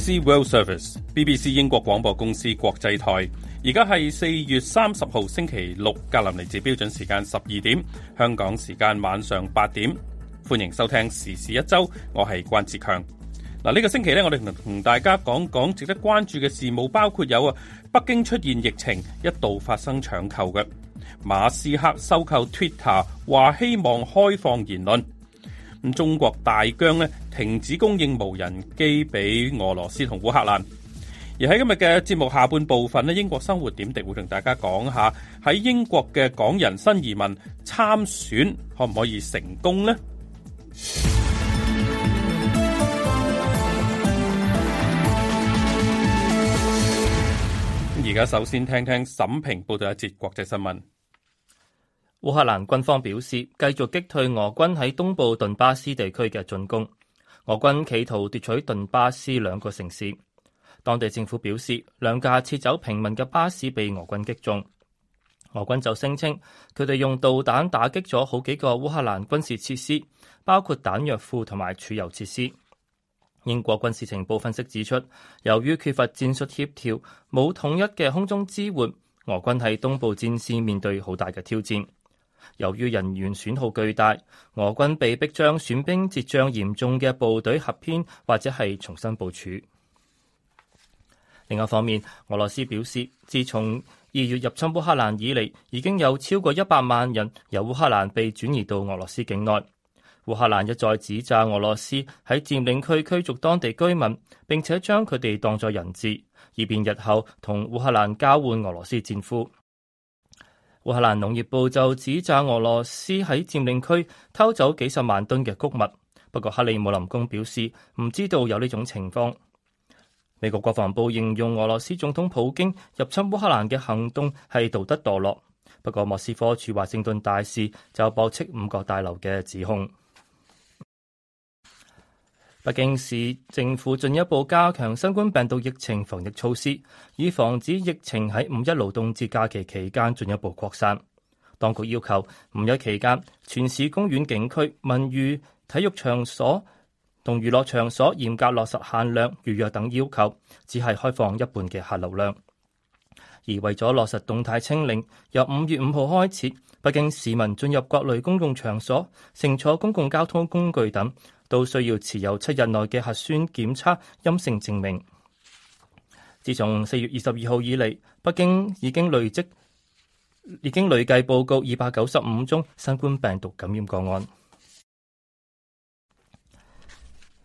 BBC World Service, BBC 英國廣播公司國際台，而家係四月三十號星期六，格林尼治標準時間十二點，香港時間晚上八點，歡迎收聽時事一周，我係關志強。嗱，呢個星期咧，我哋同大家講講值得關注嘅事務，包括有啊，北京出現疫情，一度發生搶購嘅，馬斯克收購 Twitter，話希望開放言論。中國大疆咧停止供應無人機俾俄羅斯同烏克蘭，而喺今日嘅節目下半部分咧，英國生活點滴會同大家講下喺英國嘅港人新移民參選可唔可以成功呢？而家首先聽聽沈平報道一節國際新聞。烏克蘭軍方表示，繼續擊退俄軍喺東部頓巴斯地區嘅進攻。俄軍企圖奪取頓巴斯兩個城市。當地政府表示，兩架撤走平民嘅巴士被俄軍擊中。俄軍就聲稱，佢哋用導彈打擊咗好幾個烏克蘭軍事設施，包括彈藥庫同埋儲油設施。英國軍事情報分析指出，由於缺乏戰術協調，冇統一嘅空中支援，俄軍喺東部戰線面對好大嘅挑戰。由於人員損耗巨大，俄軍被迫將損兵折將嚴重嘅部隊合編或者係重新部署。另一方面，俄羅斯表示，自從二月入侵烏克蘭以嚟，已經有超過一百萬人由烏克蘭被轉移到俄羅斯境內。烏克蘭一再指責俄羅斯喺佔領區驅逐當地居民，並且將佢哋當作人質，以便日後同烏克蘭交換俄羅斯戰俘。烏克蘭農業部就指責俄羅斯喺佔領區偷走幾十萬噸嘅穀物，不過克里姆林宮表示唔知道有呢種情況。美國國防部形容俄羅斯總統普京入侵烏克蘭嘅行動係道德墮落，不過莫斯科駐華盛頓大使就駁斥五角大樓嘅指控。北京市政府進一步加強新冠病毒疫情防疫措施，以防止疫情喺五一勞動節假期期間進一步擴散。當局要求五一期間全市公園景區、文娛體育場所同娛樂場所嚴格落實限量預約等要求，只係開放一半嘅客流量。而為咗落實動態清零，由五月五號開始，北京市民進入各類公共場所、乘坐公共交通工具等。都需要持有七日內嘅核酸檢測陰性證明。自從四月二十二號以嚟，北京已經累積已經累計報告二百九十五宗新冠病毒感染個案。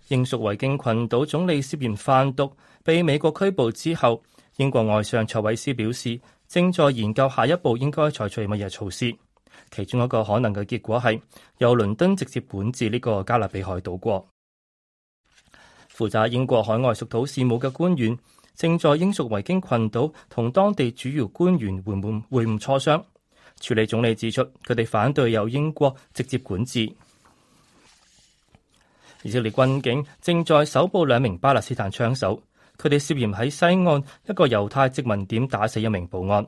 英屬維京群島總理涉嫌販毒被美國拘捕之後，英國外相卓慧思表示，正在研究下一步應該採取乜嘢措施。其中一個可能嘅結果係由倫敦直接管治呢個加勒比海島國。負責英國海外屬土事務嘅官員正在英屬維京群島同當地主要官員會晤會晤磋商。處理總理指出，佢哋反對由英國直接管治。以色列軍警正在搜捕兩名巴勒斯坦槍手，佢哋涉嫌喺西岸一個猶太殖民點打死一名保安。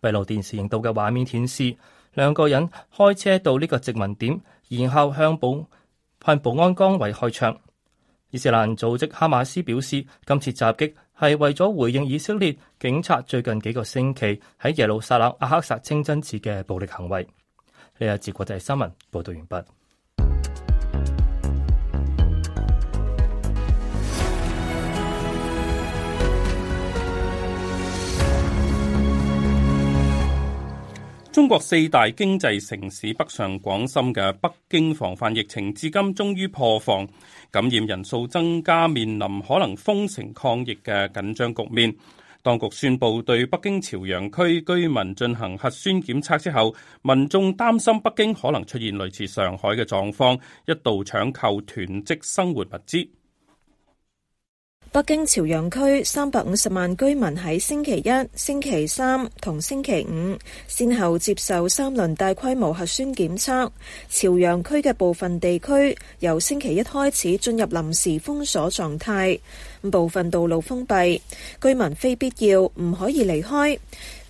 閉路電視影到嘅畫面顯示，兩個人開車到呢個殖民點，然後向保向保安崗位開槍。伊斯蘭組織哈馬斯表示，今次襲擊係為咗回應以色列警察最近幾個星期喺耶路撒冷阿克薩清真寺嘅暴力行為。呢個係國際新聞，報道完畢。中國四大經濟城市北上廣深嘅北京防範疫情至今終於破防，感染人數增加，面臨可能封城抗疫嘅緊張局面。當局宣布對北京朝陽區居民進行核酸檢測之後，民眾擔心北京可能出現類似上海嘅狀況，一度搶購囤積生活物資。北京朝陽區三百五十萬居民喺星期一、星期三同星期五先後接受三輪大規模核酸檢測。朝陽區嘅部分地區由星期一開始進入臨時封鎖狀態，部分道路封閉，居民非必要唔可以離開，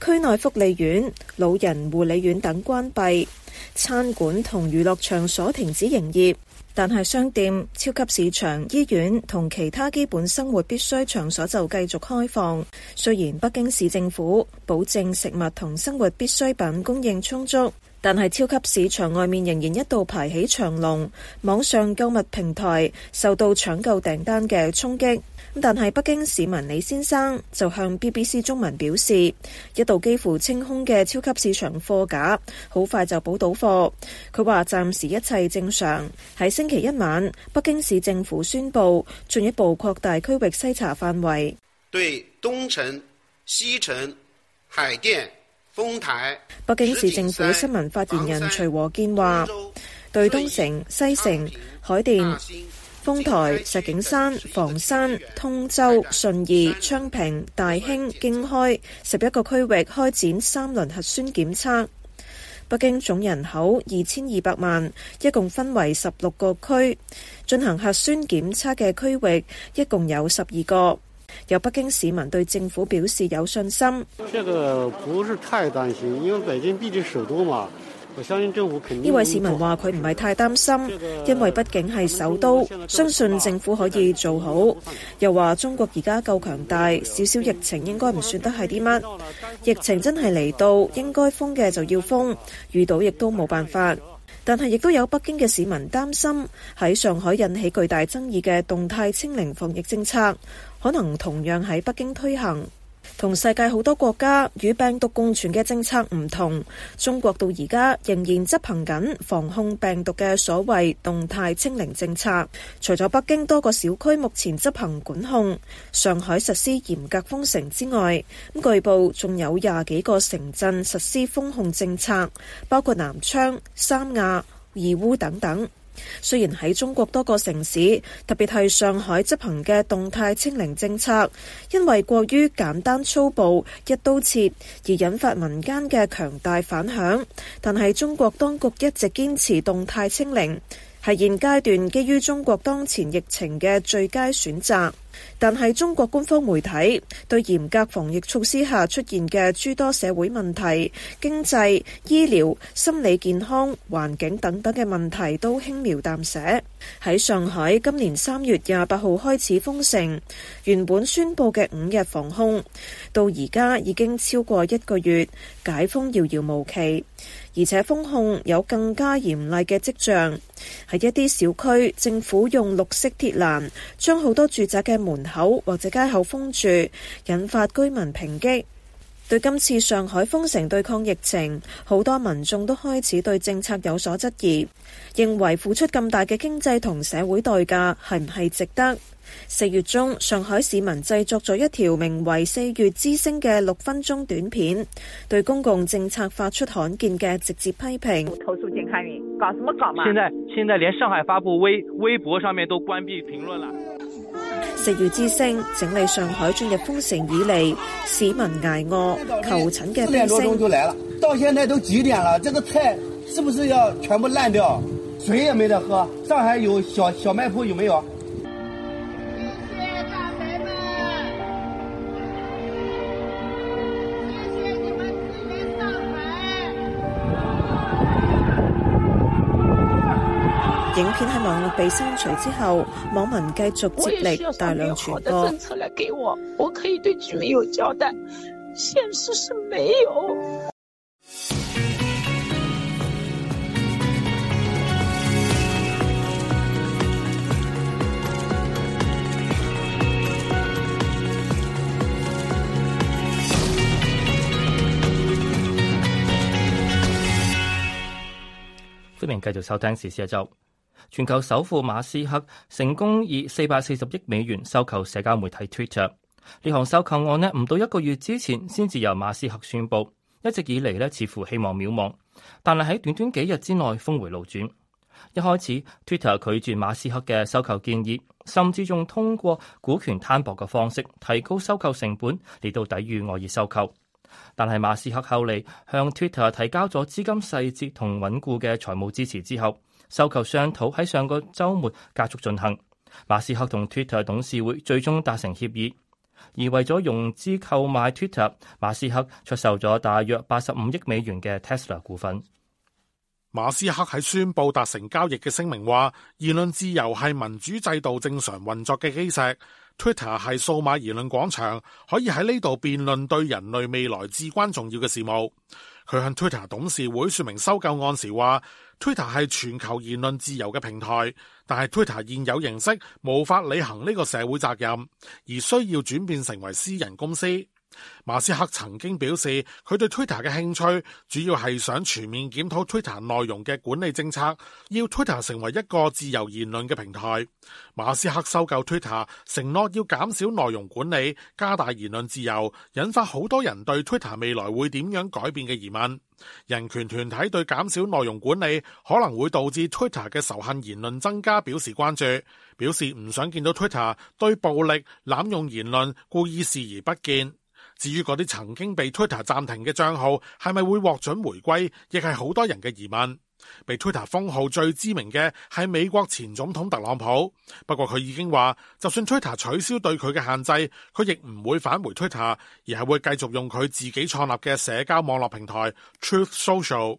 區內福利院、老人護理院等關閉，餐館同娛樂場所停止營業。但係，商店、超級市場、醫院同其他基本生活必需場所就繼續開放。雖然北京市政府保證食物同生活必需品供應充足。但係超級市場外面仍然一度排起長龍，網上購物平台受到搶購訂單嘅衝擊。但係北京市民李先生就向 BBC 中文表示，一度幾乎清空嘅超級市場貨架，好快就補到貨。佢話暫時一切正常。喺星期一晚，北京市政府宣布進一步擴大區域篩查範圍，對東城、西城、海淀。北京市政府新聞發言人徐和建話，對東城、西城、海淀、豐台、石景山、房山、通州、順義、昌平、大興、京開十一個區域開展三輪核酸檢測。北京總人口二千二百萬，一共分為十六個區，進行核酸檢測嘅區域一共有十二個。有北京市民對政府表示有信心，這個不是太擔心，因為北京畢竟首都嘛。我相信政府肯定。呢位市民話佢唔係太擔心，因為畢竟係首都，相信政府可以做好。又話中國而家夠強大，少少疫情應該唔算得係啲乜。疫情真係嚟到，應該封嘅就要封，遇到亦都冇辦法。但係亦都有北京嘅市民擔心，喺上海引起巨大爭議嘅動態清零防疫政策。可能同樣喺北京推行，同世界好多國家與病毒共存嘅政策唔同。中國到而家仍然執行緊防控病毒嘅所謂動態清零政策。除咗北京多個小區目前執行管控，上海實施嚴格封城之外，咁據報仲有廿幾個城鎮實施封控政策，包括南昌、三亞、義烏等等。雖然喺中國多個城市，特別係上海執行嘅動態清零政策，因為過於簡單粗暴、一刀切而引發民間嘅強大反響，但係中國當局一直堅持動態清零，係現階段基於中國當前疫情嘅最佳選擇。但係中國官方媒體對嚴格防疫措施下出現嘅諸多社會問題、經濟、醫療、心理健康、環境等等嘅問題都輕描淡寫。喺上海，今年三月廿八號開始封城，原本宣布嘅五日防控，到而家已經超過一個月，解封遙遙無期。而且封控有更加嚴厲嘅跡象，喺一啲小區政府用綠色鐵欄將好多住宅嘅門口或者街口封住，引發居民抨擊。對今次上海封城對抗疫情，好多民眾都開始對政策有所質疑，認為付出咁大嘅經濟同社會代價係唔係值得？四月中，上海市民製作咗一條名為《四月之星》嘅六分鐘短片，對公共政策發出罕見嘅直接批評。搞什麼搞嘛？現在現在連上海發布微微博上面都關閉評論啦。四月之星整理上海進入封城以嚟，市民挨餓 求診嘅呼聲。四點多鐘就來了，到現在都幾點了？這個菜是不是要全部爛掉？水也沒得喝。上海有小小賣鋪有沒有？影片喺網絡被刪除之後，網民繼續接力大量傳播。我也要上面好的政策來給我，我可以對居民有交代。現實是沒有。歡迎繼續收聽時事一周。全球首富馬斯克成功以四百四十億美元收購社交媒體 Twitter。呢項收購案呢唔到一個月之前先至由馬斯克宣布，一直以嚟呢似乎希望渺茫，但係喺短短幾日之內峰回路轉。一開始 Twitter 拒絕馬斯克嘅收購建議，甚至仲通過股權攤薄嘅方式提高收購成本嚟到抵御惡意收購。但係馬斯克後嚟向 Twitter 提交咗資金細節同穩固嘅財務支持之後。收購商討喺上個周末加速進行，馬斯克同 Twitter 董事會最終達成協議。而為咗融資購買 Twitter，馬斯克出售咗大約八十五億美元嘅 Tesla 股份。馬斯克喺宣布達成交易嘅聲明話：言論自由係民主制度正常運作嘅基石，Twitter 係數碼言論廣場，可以喺呢度辯論對人類未來至關重要嘅事務。佢向 Twitter 董事會説明收購案時話：Twitter 係全球言論自由嘅平台，但係 Twitter 現有形式無法履行呢個社會責任，而需要轉變成為私人公司。馬斯克曾經表示，佢對 Twitter 嘅興趣主要係想全面檢討 Twitter 內容嘅管理政策，要 Twitter 成為一個自由言論嘅平台。馬斯克收購 Twitter，承諾要減少內容管理，加大言論自由，引發好多人對 Twitter 未來會點樣改變嘅疑問。人權團體對減少內容管理可能會導致 Twitter 嘅仇恨言論增加表示關注，表示唔想見到 Twitter 對暴力濫用言論故意視而不見。至於嗰啲曾經被 Twitter 暫停嘅帳號係咪會獲准回歸，亦係好多人嘅疑問。被 Twitter 封號最知名嘅係美國前總統特朗普，不過佢已經話，就算 Twitter 取消對佢嘅限制，佢亦唔會返回 Twitter，而係會繼續用佢自己創立嘅社交網絡平台 Truth Social。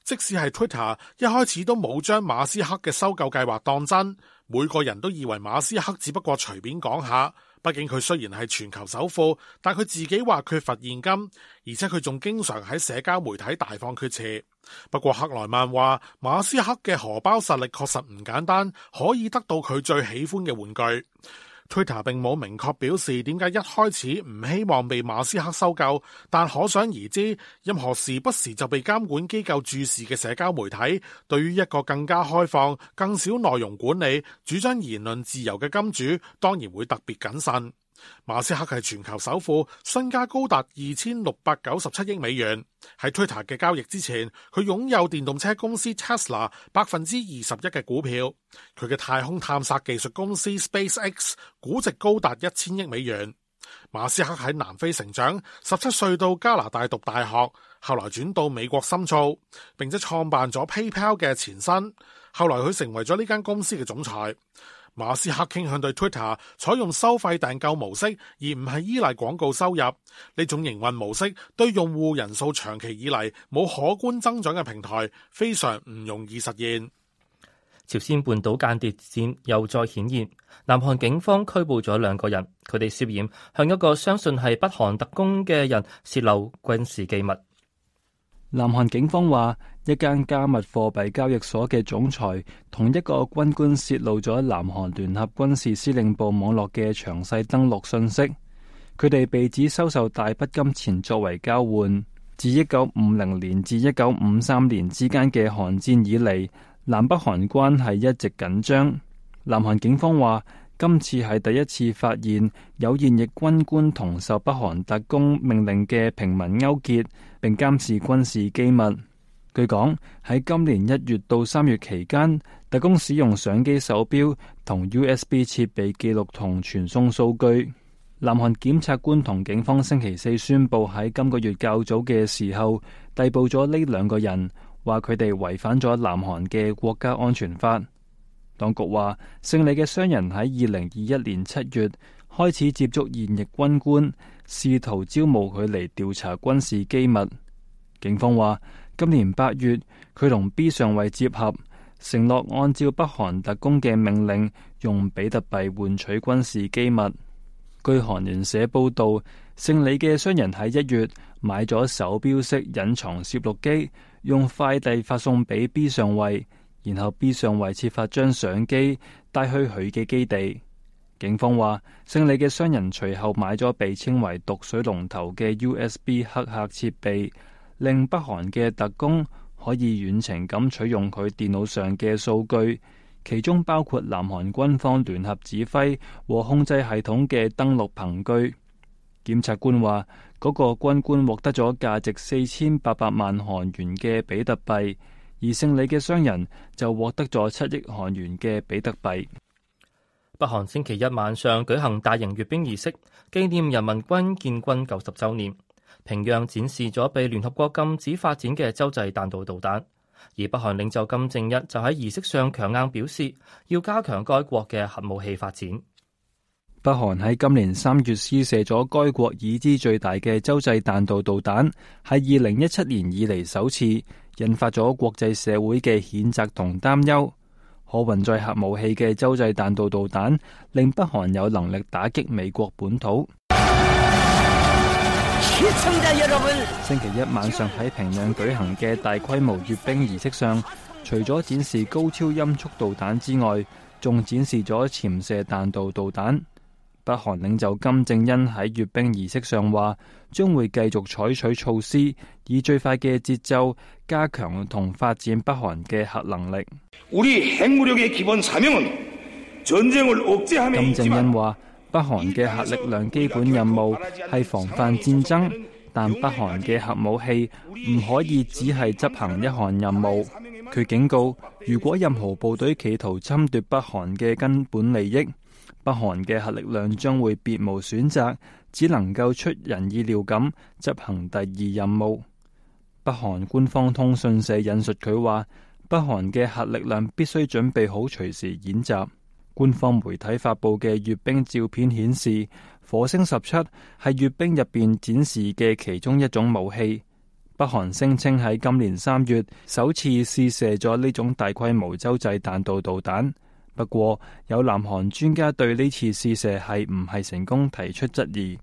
即使係 Twitter，一開始都冇將馬斯克嘅收購計劃當真，每個人都以為馬斯克只不過隨便講下。畢竟佢雖然係全球首富，但佢自己話缺乏現金，而且佢仲經常喺社交媒體大放厥詞。不過克萊曼話，馬斯克嘅荷包實力確實唔簡單，可以得到佢最喜歡嘅玩具。Twitter 並冇明確表示點解一開始唔希望被馬斯克收購，但可想而知，任何時不時就被監管機構注視嘅社交媒體，對於一個更加開放、更少內容管理、主張言論自由嘅金主，當然會特別謹慎。馬斯克係全球首富，身家高達二千六百九十七億美元。喺 Twitter 嘅交易之前，佢擁有電動車公司 Tesla 百分之二十一嘅股票。佢嘅太空探索技術公司 SpaceX 估值高達一千億美元。馬斯克喺南非成長，十七歲到加拿大讀大學，後來轉到美國深造，並且創辦咗 PayPal 嘅前身。後來佢成為咗呢間公司嘅總裁。馬斯克傾向對 Twitter 採用收費訂購模式，而唔係依賴廣告收入。呢種營運模式對用戶人數長期以嚟冇可觀增長嘅平台非常唔容易實現。朝鮮半島間諜戰又再顯現，南韓警方拘捕咗兩個人，佢哋涉嫌向一個相信係北韓特工嘅人洩露軍事機密。南韓警方話。一間加密貨幣交易所嘅總裁同一個軍官泄露咗南韓聯合軍事司令部網絡嘅詳細登錄信息。佢哋被指收受大筆金錢作為交換。自一九五零年至一九五三年之間嘅韓戰以嚟，南北韓關係一直緊張。南韓警方話，今次係第一次發現有現役軍官同受北韓特工命令嘅平民勾結，並監視軍事機密。據講喺今年一月到三月期間，特工使用相機、手錶同 USB 設備記錄同傳送數據。南韓檢察官同警方星期四宣布喺今個月較早嘅時候逮捕咗呢兩個人，話佢哋違反咗南韓嘅國家安全法。當局話，勝利嘅商人喺二零二一年七月開始接觸現役軍官，試圖招募佢嚟調查軍事機密。警方話。今年八月，佢同 B 上尉接合，承諾按照北韓特工嘅命令，用比特幣換取軍事機密。據韓聯社報道，姓李嘅商人喺一月買咗手表式隱藏攝錄機，用快遞發送俾 B 上尉，然後 B 上尉設法將相機帶去佢嘅基地。警方話，姓李嘅商人隨後買咗被稱為毒水龍頭嘅 USB 黑客設備。令北韓嘅特工可以遠程咁取用佢電腦上嘅數據，其中包括南韓軍方聯合指揮和控制系統嘅登錄憑據。檢察官話，嗰個軍官獲得咗價值四千八百萬韓元嘅比特幣，而勝利嘅商人就獲得咗七億韓元嘅比特幣。北韓星期一晚上舉行大型閱兵儀式，紀念人民軍建軍九十週年。平壤展示咗被聯合國禁止發展嘅洲際彈道導彈，而北韓領袖金正恩就喺儀式上強硬表示，要加強該國嘅核武器發展。北韓喺今年三月試射咗該國已知最大嘅洲際彈道導彈，係二零一七年以嚟首次，引發咗國際社會嘅譴責同擔憂。可運載核武器嘅洲際彈道導彈令北韓有能力打擊美國本土。星期一晚上喺平壤舉行嘅大規模閱兵儀式上，除咗展示高超音速導彈之外，仲展示咗潛射彈道導彈。北韓領袖金正恩喺閱兵儀式上話，將會繼續採取措施，以最快嘅節奏加強同發展北韓嘅核能力。金正恩話。北韓嘅核力量基本任務係防範戰爭，但北韓嘅核武器唔可以只係執行一項任務。佢警告，如果任何部隊企圖侵奪北韓嘅根本利益，北韓嘅核力量將會別無選擇，只能夠出人意料咁執行第二任務。北韓官方通訊社引述佢話：北韓嘅核力量必須準備好隨時演習。官方媒體發布嘅閱兵照片顯示，火星十七係閱兵入邊展示嘅其中一種武器。北韓聲稱喺今年三月首次試射咗呢種大規模洲際彈道導彈，不過有南韓專家對呢次試射係唔係成功提出質疑。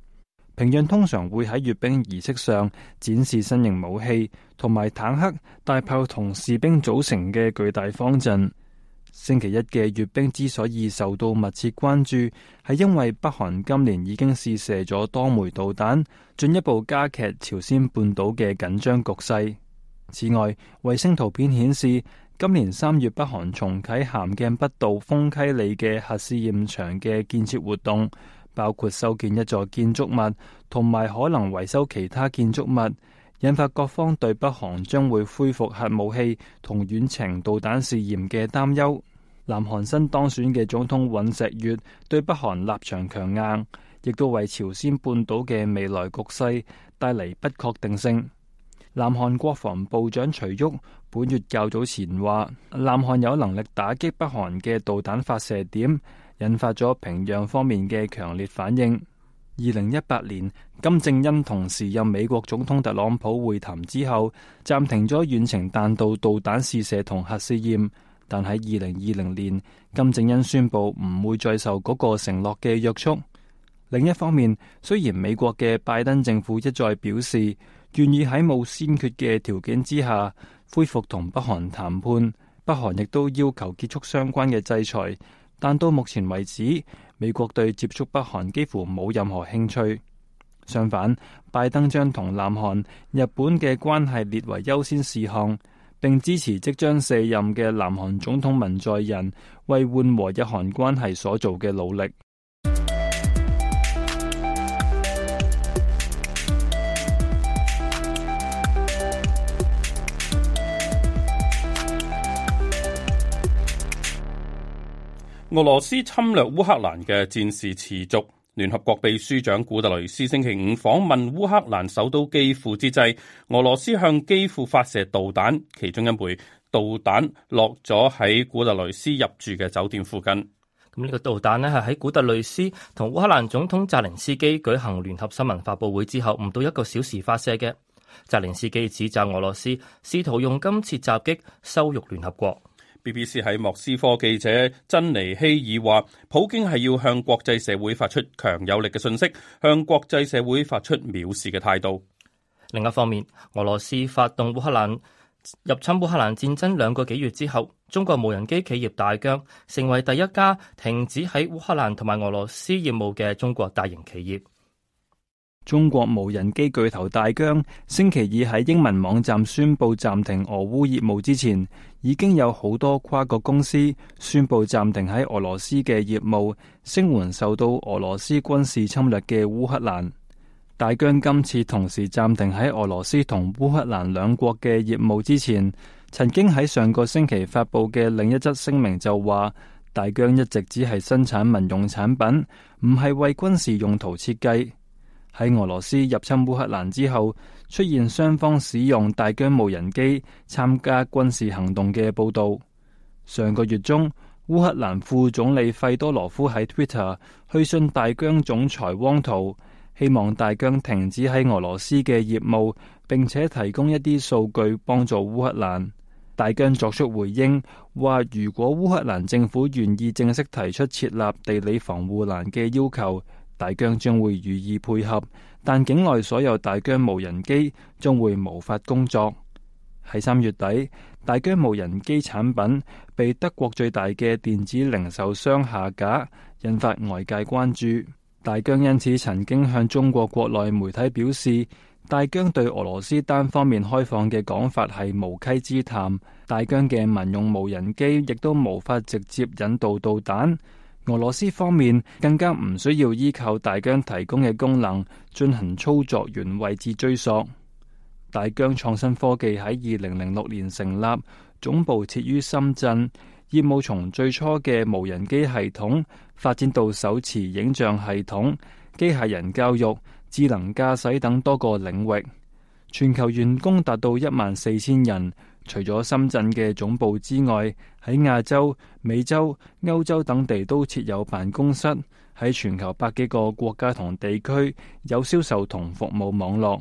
平壤通常會喺閱兵儀式上展示新型武器同埋坦克、大炮同士兵組成嘅巨大方陣。星期一嘅閱兵之所以受到密切關注，係因為北韓今年已經試射咗多枚導彈，進一步加劇朝鮮半島嘅緊張局勢。此外，衛星圖片顯示，今年三月北韓重啟咸鏡北道豐溪里嘅核試驗場嘅建設活動，包括修建一座建築物，同埋可能維修其他建築物。引發各方對北韓將會恢復核武器同遠程導彈試驗嘅擔憂。南韓新當選嘅總統尹錫悅對北韓立場強硬，亦都為朝鮮半島嘅未來局勢帶嚟不確定性。南韓國防部長徐旭本月較早前話，南韓有能力打擊北韓嘅導彈發射點，引發咗平壤方面嘅強烈反應。二零一八年，金正恩同時任美國總統特朗普會談之後，暫停咗遠程彈道導彈試射同核試驗。但喺二零二零年，金正恩宣佈唔會再受嗰個承諾嘅約束。另一方面，雖然美國嘅拜登政府一再表示願意喺冇先決嘅條件之下恢復同北韓談判，北韓亦都要求結束相關嘅制裁。但到目前為止，美國對接觸北韓幾乎冇任何興趣。相反，拜登將同南韓、日本嘅關係列為優先事項，並支持即將卸任嘅南韓總統文在寅為緩和日韓關係所做嘅努力。俄羅斯侵略烏克蘭嘅戰事持續。聯合國秘書長古特雷斯星期五訪問烏克蘭首都基輔之際，俄羅斯向基輔發射導彈，其中一枚導彈落咗喺古特雷斯入住嘅酒店附近。咁呢個導彈咧，係喺古特雷斯同烏克蘭總統澤連斯基舉行聯合新聞發布會之後唔到一個小時發射嘅。澤連斯基指責俄羅斯試圖用今次襲擊羞辱聯合國。BBC 喺莫斯科記者珍妮希爾話，普京係要向國際社會發出強有力嘅信息，向國際社會發出藐視嘅態度。另一方面，俄羅斯發動烏克蘭入侵烏克蘭戰爭兩個幾月之後，中國無人機企業大疆成為第一家停止喺烏克蘭同埋俄羅斯業務嘅中國大型企業。中國無人機巨頭大疆星期二喺英文網站宣布暫停俄烏業務之前。已經有好多跨國公司宣布暫停喺俄羅斯嘅業務，聲援受到俄羅斯軍事侵略嘅烏克蘭。大疆今次同時暫停喺俄羅斯同烏克蘭兩國嘅業務之前，曾經喺上個星期發佈嘅另一則聲明就話，大疆一直只係生產民用產品，唔係為軍事用途設計。喺俄羅斯入侵烏克蘭之後，出現雙方使用大疆無人機參加軍事行動嘅報道。上個月中，烏克蘭副總理費多羅夫喺 Twitter 去信大疆總裁汪濤，希望大疆停止喺俄羅斯嘅業務，並且提供一啲數據幫助烏克蘭。大疆作出回應，話如果烏克蘭政府願意正式提出設立地理防護欄嘅要求，大疆將會予以配合。但境內所有大疆無人機將會無法工作。喺三月底，大疆無人機產品被德國最大嘅電子零售商下架，引發外界關注。大疆因此曾經向中國國內媒體表示，大疆對俄羅斯單方面開放嘅講法係無稽之談，大疆嘅民用無人機亦都無法直接引導導彈。俄羅斯方面更加唔需要依靠大疆提供嘅功能進行操作員位置追索。大疆創新科技喺二零零六年成立，總部設於深圳，業務從最初嘅無人機系統發展到手持影像系統、機械人教育、智能駕駛等多個領域，全球員工達到一萬四千人。除咗深圳嘅總部之外，喺亞洲、美洲、歐洲等地都設有辦公室，喺全球百幾個國家同地區有銷售同服務網絡。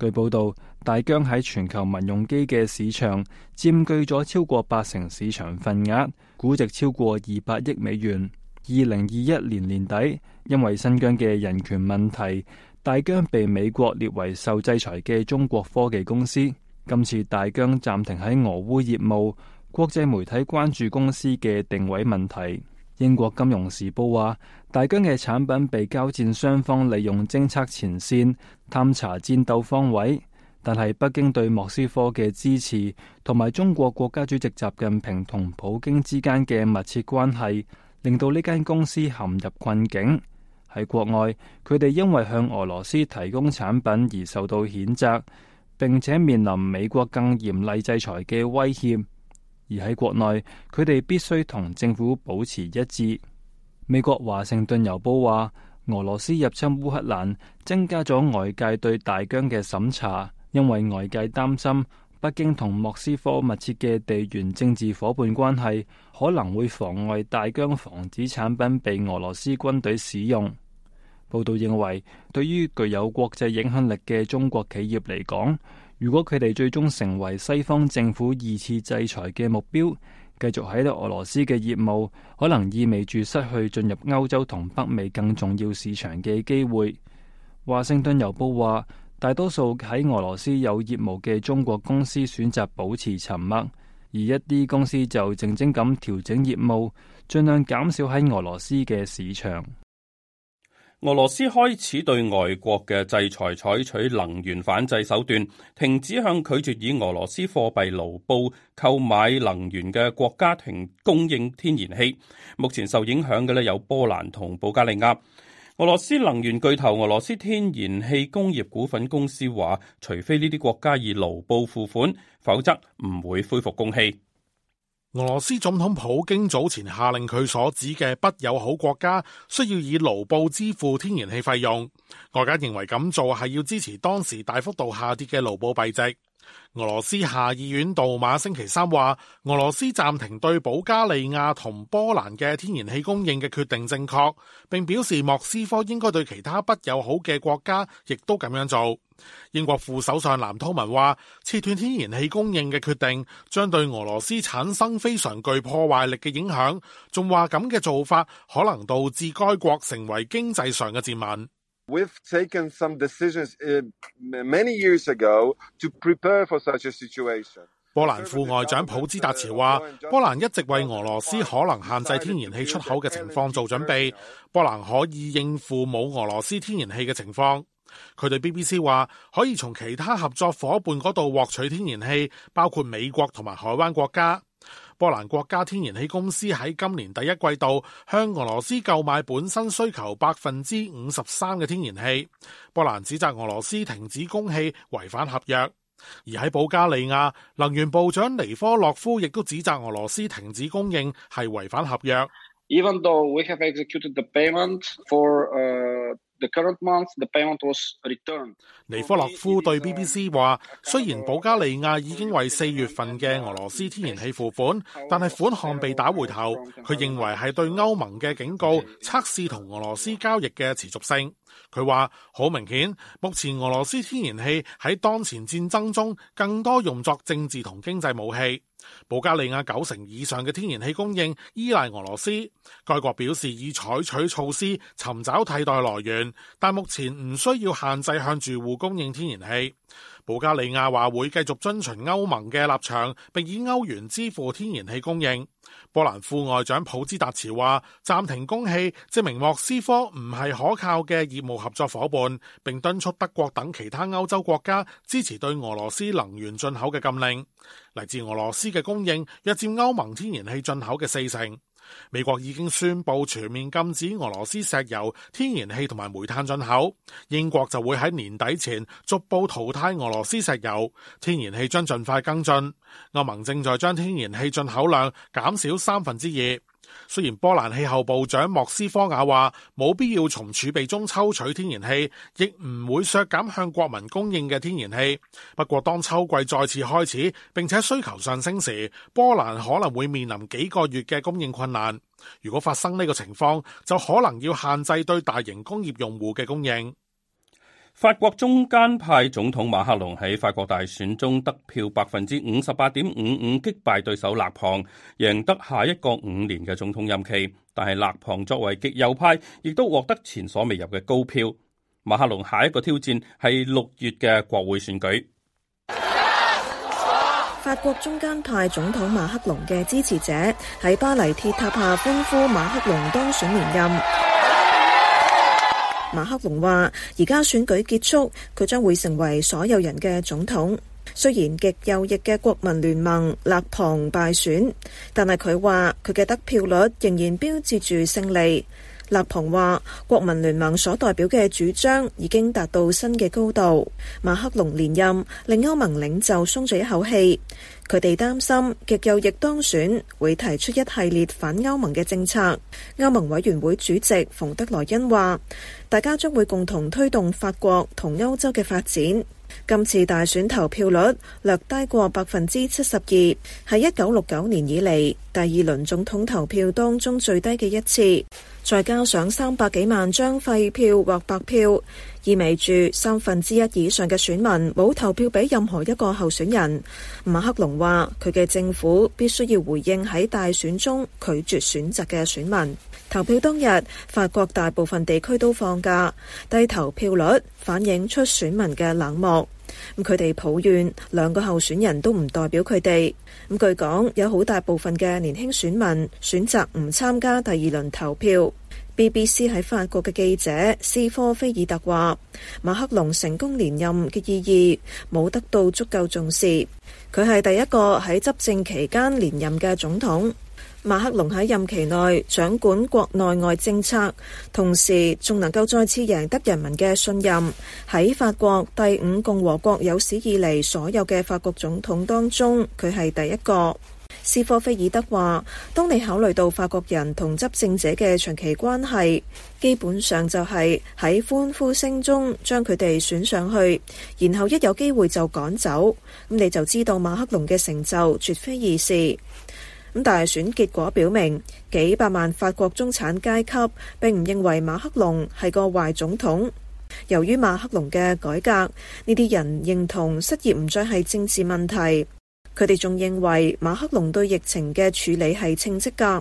據報道，大疆喺全球民用機嘅市場佔據咗超過八成市場份額，估值超過二百億美元。二零二一年年底，因為新疆嘅人權問題，大疆被美國列為受制裁嘅中國科技公司。今次大疆暫停喺俄烏業務，國際媒體關注公司嘅定位問題。英國金融時報話，大疆嘅產品被交戰雙方利用偵測前線、探查戰鬥方位，但係北京對莫斯科嘅支持，同埋中國國家主席習近平同普京之間嘅密切關係，令到呢間公司陷入困境。喺國外，佢哋因為向俄羅斯提供產品而受到譴責。並且面臨美國更嚴厲制裁嘅威脅，而喺國內，佢哋必須同政府保持一致。美國華盛頓郵報話，俄羅斯入侵烏克蘭增加咗外界對大疆嘅審查，因為外界擔心北京同莫斯科密切嘅地緣政治伙伴關係可能會妨礙大疆防止產品被俄羅斯軍隊使用。報道認為，對於具有國際影響力嘅中國企業嚟講，如果佢哋最終成為西方政府二次制裁嘅目標，繼續喺度俄羅斯嘅業務，可能意味住失去進入歐洲同北美更重要市場嘅機會。華盛頓郵報話，大多數喺俄羅斯有業務嘅中國公司選擇保持沉默，而一啲公司就靜靜咁調整業務，盡量減少喺俄羅斯嘅市場。俄羅斯開始對外國嘅制裁採取能源反制手段，停止向拒絕以俄羅斯貨幣盧布購買能源嘅國家停供應天然氣。目前受影響嘅咧有波蘭同保加利亞。俄羅斯能源巨頭俄羅斯天然氣工業股份公司話，除非呢啲國家以盧布付款，否則唔會恢復供氣。俄羅斯總統普京早前下令佢所指嘅不友好國家需要以盧布支付天然氣費用，外界認為咁做係要支持當時大幅度下跌嘅盧布幣值。俄羅斯下議院杜馬星期三話，俄羅斯暫停對保加利亞同波蘭嘅天然氣供應嘅決定正確，並表示莫斯科應該對其他不友好嘅國家亦都咁樣做。英國副首相藍韜文話，切斷天然氣供應嘅決定將對俄羅斯產生非常具破壞力嘅影響，仲話咁嘅做法可能導致該國成為經濟上嘅賤民。We've taken some decisions many years ago to prepare for such a situation。波蘭副外長普茲達喬話，波蘭一直為俄羅斯可能限制天然氣出口嘅情況做準備。波蘭可以應付冇俄羅斯天然氣嘅情況。佢對 BBC 話，可以從其他合作伙伴嗰度獲取天然氣，包括美國同埋海灣國家。波蘭國家天然氣公司喺今年第一季度向俄羅斯購買本身需求百分之五十三嘅天然氣。波蘭指責俄羅斯停止供氣，違反合約，而喺保加利亞，能源部長尼科洛夫亦都指責俄羅斯停止供應係違反合約。Even though we have executed the payment for uh. 尼科洛夫對 BBC 話，雖然保加利亞已經為四月份嘅俄羅斯天然氣付款，但係款項被打回頭。佢認為係對歐盟嘅警告，測試同俄羅斯交易嘅持續性。佢話：好明顯，目前俄羅斯天然氣喺當前戰爭中更多用作政治同經濟武器。保加利亞九成以上嘅天然氣供應依賴俄羅斯，該國表示已採取措施尋找替代來源，但目前唔需要限制向住戶供應天然氣。保加利亞話會繼續遵循歐盟嘅立場，並以歐元支付天然氣供應。波蘭副外長普茲達茨話：暫停供氣，證明莫斯科唔係可靠嘅業務合作伙伴，並敦促德國等其他歐洲國家支持對俄羅斯能源進口嘅禁令。嚟自俄羅斯嘅供應約佔歐盟天然氣進口嘅四成。美國已經宣布全面禁止俄羅斯石油、天然氣同埋煤炭進口，英國就會喺年底前逐步淘汰俄羅斯石油，天然氣將盡快跟進。歐盟正在將天然氣進口量減少三分之二。雖然波蘭氣候部長莫斯科瓦話冇必要從儲備中抽取天然氣，亦唔會削減向國民供應嘅天然氣。不過當秋季再次開始，並且需求上升時，波蘭可能會面臨幾個月嘅供應困難。如果發生呢個情況，就可能要限制對大型工業用戶嘅供應。法國中間派總統馬克龍喺法國大選中得票百分之五十八點五五，擊敗對手勒龐，贏得下一個五年嘅總統任期。但係勒龐作為極右派，亦都獲得前所未有嘅高票。馬克龍下一個挑戰係六月嘅國會選舉。法國中間派總統馬克龍嘅支持者喺巴黎鐵塔下歡呼，呼，馬克龍當選連任。馬克龍話：而家選舉結束，佢將會成為所有人嘅總統。雖然極右翼嘅國民聯盟勒龐敗選，但係佢話佢嘅得票率仍然標誌住勝利。勒龐話：國民聯盟所代表嘅主張已經達到新嘅高度。馬克龍連任令歐盟領袖鬆咗一口氣，佢哋擔心極右翼當選會提出一系列反歐盟嘅政策。歐盟委員會主席馮德萊恩話：大家將會共同推動法國同歐洲嘅發展。今次大選投票率略低過百分之七十二，係一九六九年以嚟第二輪總統投票當中最低嘅一次。再加上三百幾萬張廢票或白票，意味住三分之一以上嘅選民冇投票俾任何一個候選人。馬克龍話：佢嘅政府必須要回應喺大選中拒絕選擇嘅選民。投票當日，法國大部分地區都放假，低投票率反映出選民嘅冷漠。咁佢哋抱怨兩個候選人都唔代表佢哋。咁據講有好大部分嘅年輕選民選擇唔參加第二輪投票。BBC 喺法國嘅記者斯科菲爾特話馬克龍成功連任嘅意義冇得到足夠重視，佢係第一個喺執政期間連任嘅總統。馬克龍喺任期內掌管國內外政策，同時仲能夠再次贏得人民嘅信任。喺法國第五共和國有史以嚟所有嘅法國總統當中，佢係第一個。斯科菲爾德話：當你考慮到法國人同執政者嘅長期關係，基本上就係喺歡呼聲中將佢哋選上去，然後一有機會就趕走。咁你就知道馬克龍嘅成就絕非易事。咁大選結果表明，幾百萬法國中產階級並唔認為馬克龍係個壞總統。由於馬克龍嘅改革，呢啲人認同失業唔再係政治問題。佢哋仲認為馬克龍對疫情嘅處理係稱職噶，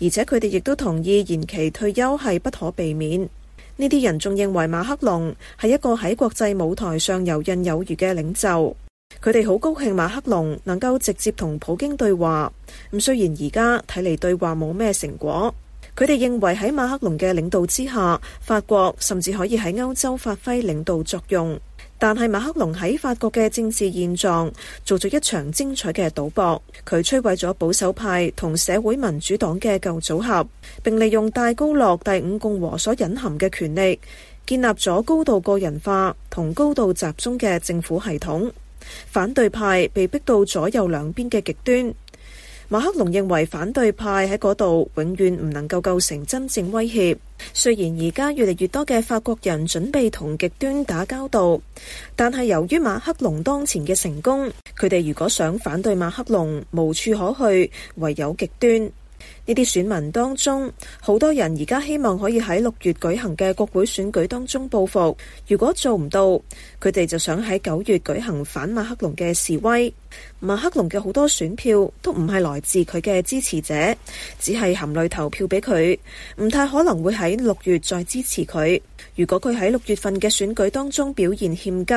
而且佢哋亦都同意延期退休係不可避免。呢啲人仲認為馬克龍係一個喺國際舞台上游刃有餘嘅領袖。佢哋好高興，馬克龍能夠直接同普京對話。咁雖然而家睇嚟對話冇咩成果，佢哋認為喺馬克龍嘅領導之下，法國甚至可以喺歐洲發揮領導作用。但係馬克龍喺法國嘅政治現狀做咗一場精彩嘅賭博，佢摧毀咗保守派同社會民主黨嘅舊組合，並利用戴高樂第五共和所隱含嘅權力，建立咗高度個人化同高度集中嘅政府系統。反對派被逼到左右兩邊嘅極端。馬克龍認為反對派喺嗰度永遠唔能夠構成真正威脅。雖然而家越嚟越多嘅法國人準備同極端打交道，但係由於馬克龍當前嘅成功，佢哋如果想反對馬克龍，無處可去，唯有極端。呢啲選民當中，好多人而家希望可以喺六月舉行嘅國會選舉當中報復。如果做唔到，佢哋就想喺九月舉行反馬克龍嘅示威。馬克龍嘅好多選票都唔係來自佢嘅支持者，只係含淚投票俾佢，唔太可能會喺六月再支持佢。如果佢喺六月份嘅選舉當中表現欠佳，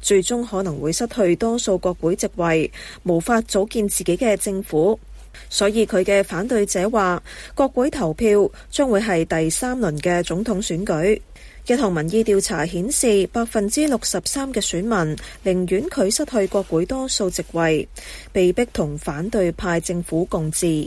最終可能會失去多數國會席位，無法組建自己嘅政府。所以佢嘅反對者話，國會投票將會係第三輪嘅總統選舉。一項民意調查顯示，百分之六十三嘅選民寧願佢失去國會多數席位，被逼同反對派政府共治。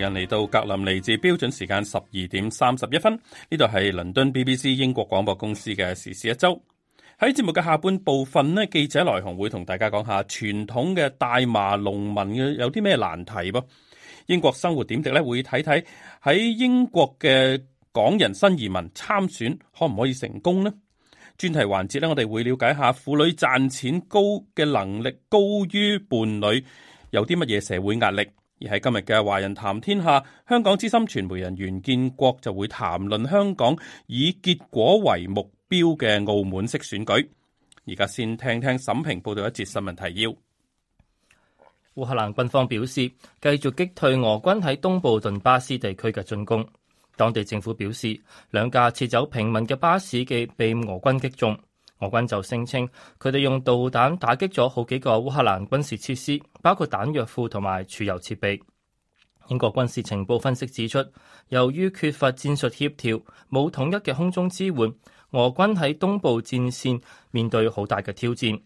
人嚟到格林尼治標準時間十二點三十一分。呢度係倫敦 BBC 英國廣播公司嘅時事一周。喺節目嘅下半部分呢，記者來鴻會同大家講下傳統嘅大麻農民嘅有啲咩難題噃？英國生活點滴呢？會睇睇喺英國嘅港人新移民參選可唔可以成功呢？專題環節呢，我哋會了解下婦女賺錢高嘅能力高於伴侶有啲乜嘢社會壓力。而喺今日嘅《華人談天下》，香港資深傳媒人袁建國就會談論香港以結果為目標嘅澳門式選舉。而家先聽聽沈平報道一節新聞提要。烏克蘭軍方表示，繼續擊退俄軍喺東部頓巴斯地區嘅進攻。當地政府表示，兩架撤走平民嘅巴士嘅被俄軍擊中。俄軍就聲稱，佢哋用導彈打擊咗好幾個烏克蘭軍事設施，包括彈藥庫同埋儲油設備。英國軍事情報分析指出，由於缺乏戰術協調，冇統一嘅空中支援，俄軍喺東部戰線面對好大嘅挑戰。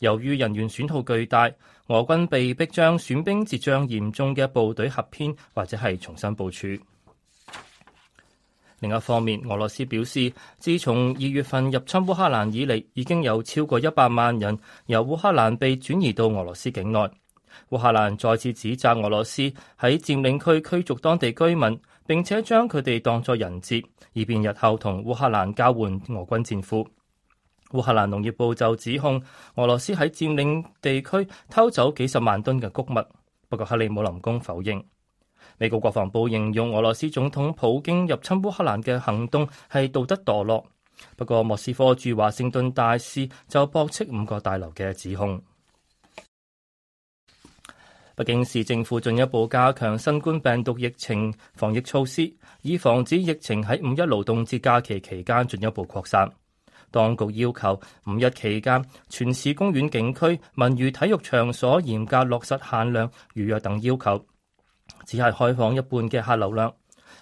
由於人員損耗巨大，俄軍被迫將損兵折將嚴重嘅部隊合編或者係重新部署。另一方面，俄羅斯表示，自從二月份入侵烏克蘭以嚟，已經有超過一百萬人由烏克蘭被轉移到俄羅斯境內。烏克蘭再次指責俄羅斯喺佔領區驅逐當地居民，並且將佢哋當作人質，以便日後同烏克蘭交換俄軍戰俘。烏克蘭農業部就指控俄羅斯喺佔領地區偷走幾十萬噸嘅穀物，不過克里姆林宮否認。美國國防部形容俄羅斯總統普京入侵烏克蘭嘅行動係道德墮落，不過莫斯科駐華盛頓大使就駁斥五角大樓嘅指控。北京市政府進一步加強新冠病毒疫情防疫措施，以防止疫情喺五一勞動節假期期間進一步擴散。當局要求五一期間全市公園景區、文娛體育場所嚴格落實限量、預約等要求。只係開放一半嘅客流量。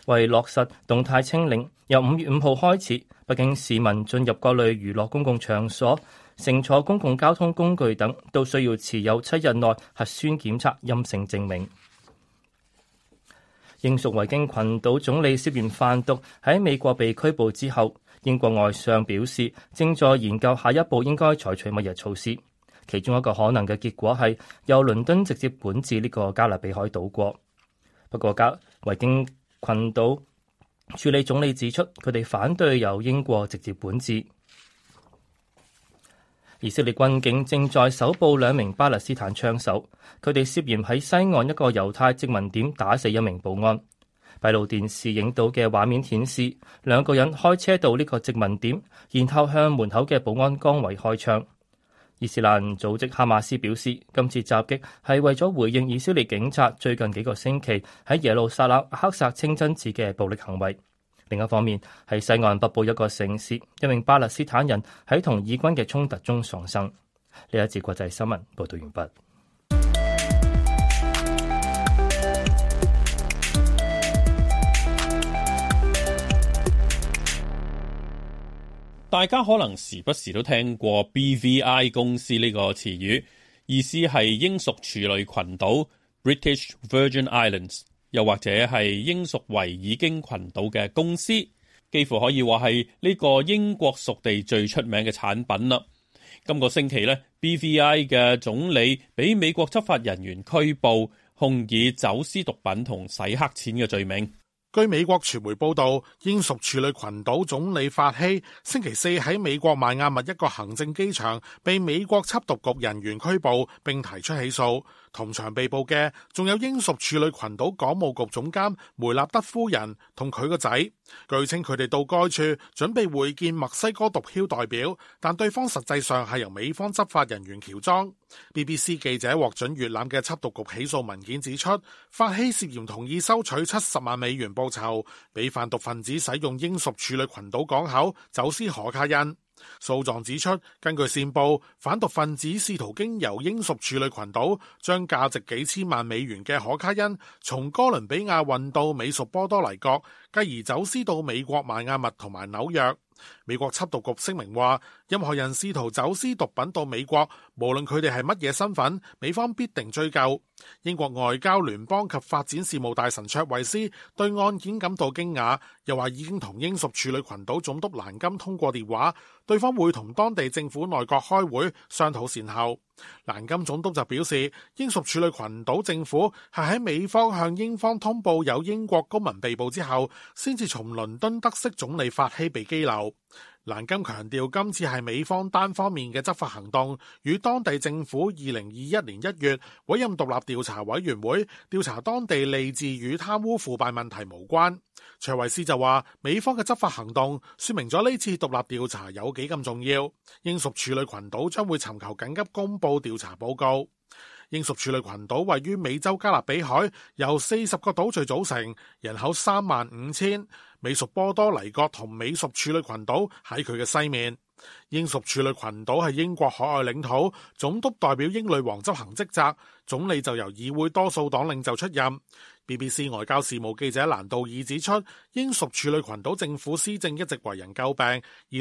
為落實動態清零，由五月五號開始，北京市民進入各類娛樂公共場所、乘坐公共交通工具等，都需要持有七日內核酸檢測陰性證明。英屬維京群島總理涉嫌販毒喺美國被拘捕之後，英國外相表示正在研究下一步應該採取乜嘢措施。其中一個可能嘅結果係由倫敦直接管治呢個加勒比海島國。不過，加維京群島署理總理指出，佢哋反對由英國直接管治。以色列軍警正在搜捕兩名巴勒斯坦槍手，佢哋涉嫌喺西岸一個猶太殖民點打死一名保安。閉路電視影到嘅畫面顯示，兩個人開車到呢個殖民點，然後向門口嘅保安崗位開槍。伊斯蘭組織哈馬斯表示，今次襲擊係為咗回應以色列警察最近幾個星期喺耶路撒冷克薩清真寺嘅暴力行為。另一方面，喺西岸北部一個城市，一名巴勒斯坦人喺同以軍嘅衝突中喪生。呢一節國際新聞報道完畢。大家可能時不時都聽過 BVI 公司呢個詞語，意思係英屬處女群島 （British Virgin Islands），又或者係英屬維爾京群島嘅公司，幾乎可以話係呢個英國屬地最出名嘅產品啦。今個星期呢，BVI 嘅總理俾美國執法人員拘捕，控以走私毒品同洗黑錢嘅罪名。據美國傳媒報道，英屬處女群島總理法希星期四喺美國邁亞密一個行政機場被美國緝毒局人員拘捕，並提出起訴。同場被捕嘅仲有英屬處女群島港務局總監梅納德夫人同佢個仔。據稱佢哋到該處準備會見墨西哥毒梟代表，但對方實際上係由美方執法人員喬裝。BBC 記者獲准閱覽嘅緝毒局起訴文件指出，法希涉嫌同意收取七十萬美元報酬，俾販毒分子使用英屬處女群島港口走私可卡因。訴狀指出，根據線報，販毒分子試圖經由英屬處女群島，將價值幾千萬美元嘅可卡因從哥倫比亞運到美屬波多黎各，繼而走私到美國邁阿密同埋紐約。美國緝毒局聲明話。任何人試圖走私毒品到美國，無論佢哋係乜嘢身份，美方必定追究。英國外交聯邦及發展事務大臣卓慧思對案件感到驚訝，又話已經同英屬處女群島總督蘭金通過電話，對方會同當地政府內閣開會商討善後。蘭金總督就表示，英屬處女群島政府係喺美方向英方通報有英國公民被捕之後，先至從倫敦得悉總理法希被羈留。蘭金強調，今次係美方單方面嘅執法行動，與當地政府二零二一年一月委任獨立調查委員會調查當地吏治與貪污腐敗問題無關。卓維斯就話，美方嘅執法行動說明咗呢次獨立調查有幾咁重要。英屬處女群島將會尋求緊急公布調查報告。英屬處女群島位於美洲加勒比海，由四十個島嶼組成，人口三萬五千。美屬波多黎各同美屬處女群島喺佢嘅西面。英屬處女群島係英國海外領土，總督代表英女王執行職責，總理就由議會多數黨領袖出任。BBC 外交事務記者蘭道爾指出，英屬處女群島政府施政一直為人詬病，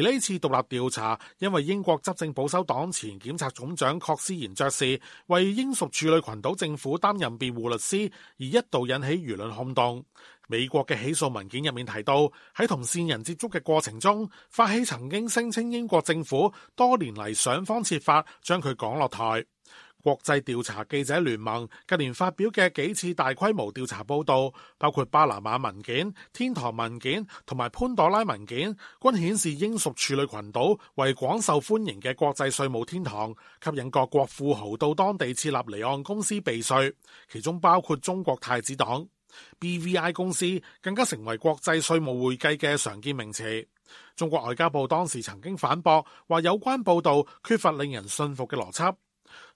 而呢次獨立調查因為英國執政保守黨前檢察總長確斯然爵士為英屬處女群島政府擔任辯護律師，而一度引起輿論轟動。美國嘅起訴文件入面提到，喺同線人接觸嘅過程中，法希曾經聲稱英國政府多年嚟想方設法將佢講落台。國際調查記者聯盟近年發表嘅幾次大規模調查報道，包括巴拿馬文件、天堂文件同埋潘朵拉文件，均顯示英屬處女群島為廣受歡迎嘅國際稅務天堂，吸引各國富豪到當地設立離岸公司避稅。其中包括中國太子黨 BVI 公司，更加成為國際稅務會計嘅常見名詞。中國外交部當時曾經反駁，話有關報道缺乏令人信服嘅邏輯。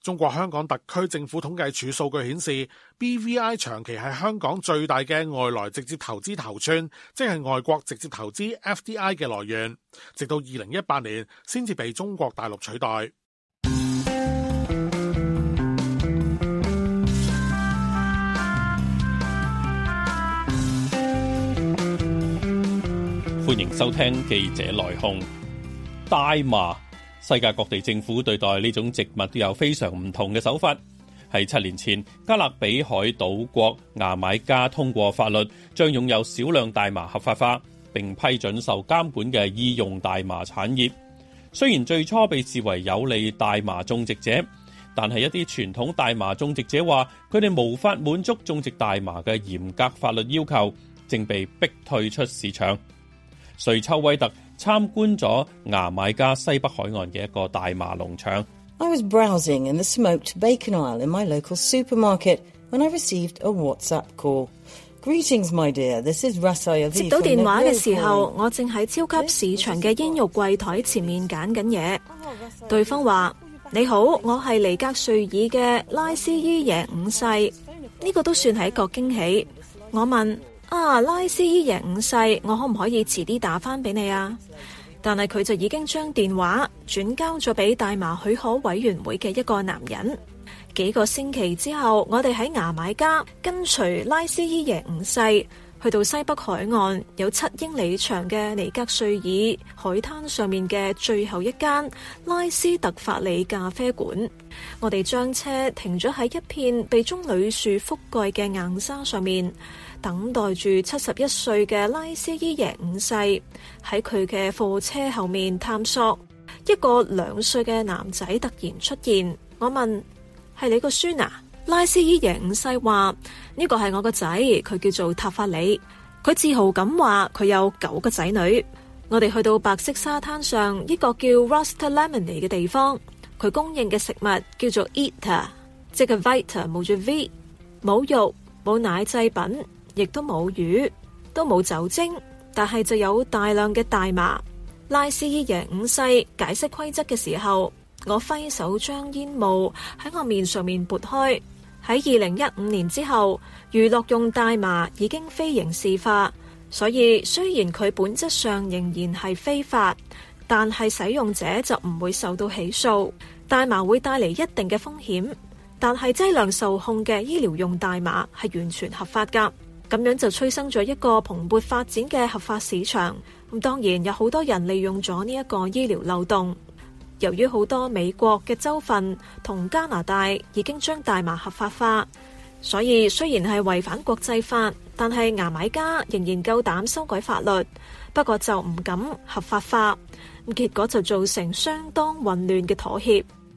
中國香港特區政府統計處數據顯示，BVI 長期係香港最大嘅外來直接投資頭寸，即係外國直接投資 FDI 嘅來源，直到二零一八年先至被中國大陸取代。歡迎收聽記者來鴻，大麻。世界各地政府對待呢種植物都有非常唔同嘅手法。喺七年前，加勒比海島國牙買加通過法律，將擁有少量大麻合法化，並批准受監管嘅醫用大麻產業。雖然最初被視為有利大麻種植者，但係一啲傳統大麻種植者話，佢哋無法滿足種植大麻嘅嚴格法律要求，正被逼退出市場。瑞秋威特。參觀咗牙買加西北海岸嘅一個大麻農場。接到電話嘅時候，我正喺超級市場嘅煙肉櫃台前面揀緊嘢，oh, yes, 對方話：你好，我係尼格瑞爾嘅拉斯伊耶五世。呢個都算係一個驚喜。我問。啊！拉斯伊耶五世，我可唔可以遲啲打返俾你啊？但係佢就已經將電話轉交咗俾大麻許可委員會嘅一個男人。幾個星期之後，我哋喺牙買加跟隨拉斯伊耶五世去到西北海岸，有七英里長嘅尼格瑞爾海灘上面嘅最後一間拉斯特法里咖啡館。我哋將車停咗喺一片被棕櫚樹覆蓋嘅硬沙上面。等待住七十一歲嘅拉斯伊耶五世喺佢嘅貨車後面探索。一個兩歲嘅男仔突然出現，我問，係你個孫啊？拉斯伊耶五世話呢個係我個仔，佢叫做塔法里。佢自豪咁話佢有九個仔女。我哋去到白色沙灘上一個叫 Roster Lemony 嘅地方，佢供應嘅食物叫做 Ital，即係 Vital 冇咗 V，冇肉，冇奶製品。亦都冇魚，都冇酒精，但係就有大量嘅大麻。拉斯二爺五世解釋規則嘅時候，我揮手將煙霧喺我面上面撥開。喺二零一五年之後，娛樂用大麻已經非刑事化，所以雖然佢本質上仍然係非法，但係使用者就唔會受到起訴。大麻會帶嚟一定嘅風險，但係劑量受控嘅醫療用大麻係完全合法噶。咁樣就催生咗一個蓬勃發展嘅合法市場。咁當然有好多人利用咗呢一個醫療漏洞。由於好多美國嘅州份同加拿大已經將大麻合法化，所以雖然係違反國際法，但係牙買加仍然夠膽修改法律，不過就唔敢合法化。咁結果就造成相當混亂嘅妥協。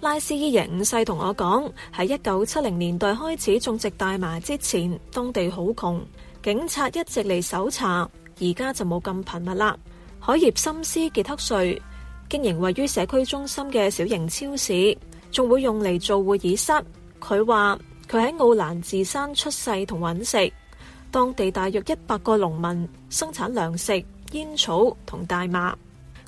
拉斯伊耶五世同我講：喺一九七零年代開始種植大麻之前，當地好窮，警察一直嚟搜查，而家就冇咁頻密啦。海葉心思傑克瑞經營位於社區中心嘅小型超市，仲會用嚟做會議室。佢話佢喺奧蘭治山出世同揾食，當地大約一百個農民生產糧食、煙草同大麻。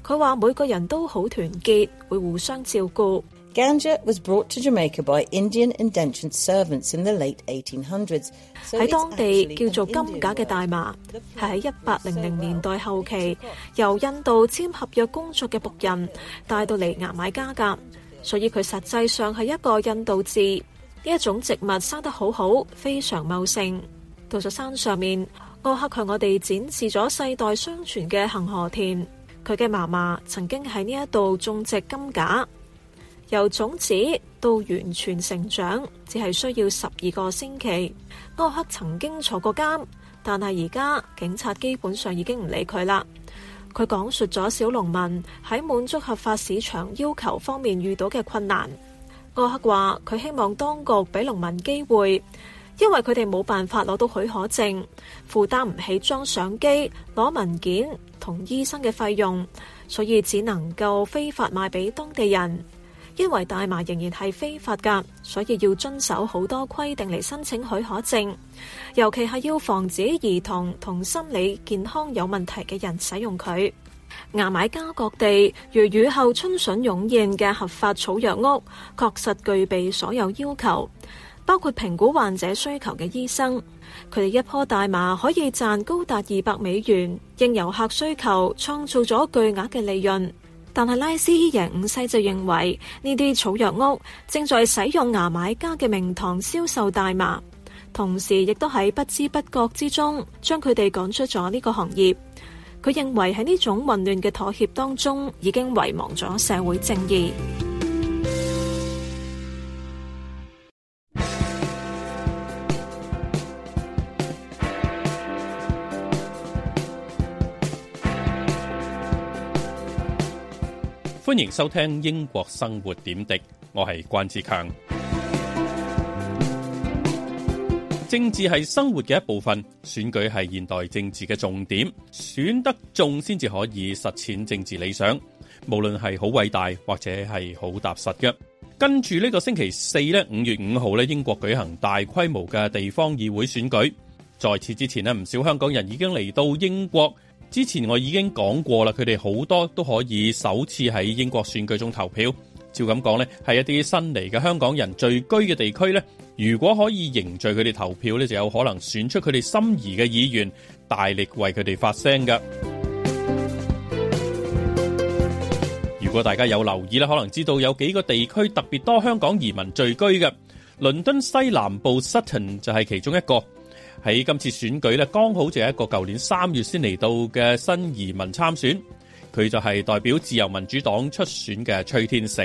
佢話每個人都好團結，會互相照顧。Ganja was brought to Jamaica by Indian indentured servants in the late 1800s. 喺當地叫做金架嘅大麻係喺一八零零年代後期由印度簽合約工作嘅僕人帶到嚟牙買加㗎，所以佢實際上係一個印度字。呢一種植物生得好好，非常茂盛。到咗咗山上面，奧克向我哋展示咗世代相傳嘅恒河田。佢嘅媽媽曾經喺呢一度種植金架。由種子到完全成長，只係需要十二個星期。柯克曾經坐過監，但係而家警察基本上已經唔理佢啦。佢講述咗小農民喺滿足合法市場要求方面遇到嘅困難。柯克話：佢希望當局俾農民機會，因為佢哋冇辦法攞到許可證，負擔唔起裝相機、攞文件同醫生嘅費用，所以只能夠非法賣俾當地人。因為大麻仍然係非法㗎，所以要遵守好多規定嚟申請許可證，尤其係要防止兒童同心理健康有問題嘅人使用佢。牙買加各地如雨後春筍湧現嘅合法草藥屋，確實具備所有要求，包括評估患者需求嘅醫生。佢哋一樖大麻可以賺高達二百美元，應遊客需求創造咗巨額嘅利潤。但係拉斯伊盈五世就認為呢啲草藥屋正在使用牙買加嘅名堂銷售大麻，同時亦都喺不知不覺之中將佢哋趕出咗呢個行業。佢認為喺呢種混亂嘅妥協當中，已經遺忘咗社會正義。歡迎收聽英國生活點滴，我係關志強。政治係生活嘅一部分，選舉係現代政治嘅重點，選得中先至可以實踐政治理想，無論係好偉大或者係好踏實嘅。跟住呢個星期四咧，五月五號咧，英國舉行大規模嘅地方議會選舉。在此之前咧，唔少香港人已經嚟到英國。之前我已經講過啦，佢哋好多都可以首次喺英國選舉中投票。照咁講呢，係一啲新嚟嘅香港人聚居嘅地區呢，如果可以凝聚佢哋投票呢，就有可能選出佢哋心儀嘅議員，大力為佢哋發聲㗎。 如果大家有留意呢，可能知道有幾個地區特別多香港移民聚居嘅，倫敦西南部 Sutton 就係其中一個。喺今次選舉呢，剛好就係一個舊年三月先嚟到嘅新移民參選，佢就係代表自由民主黨出選嘅崔天成。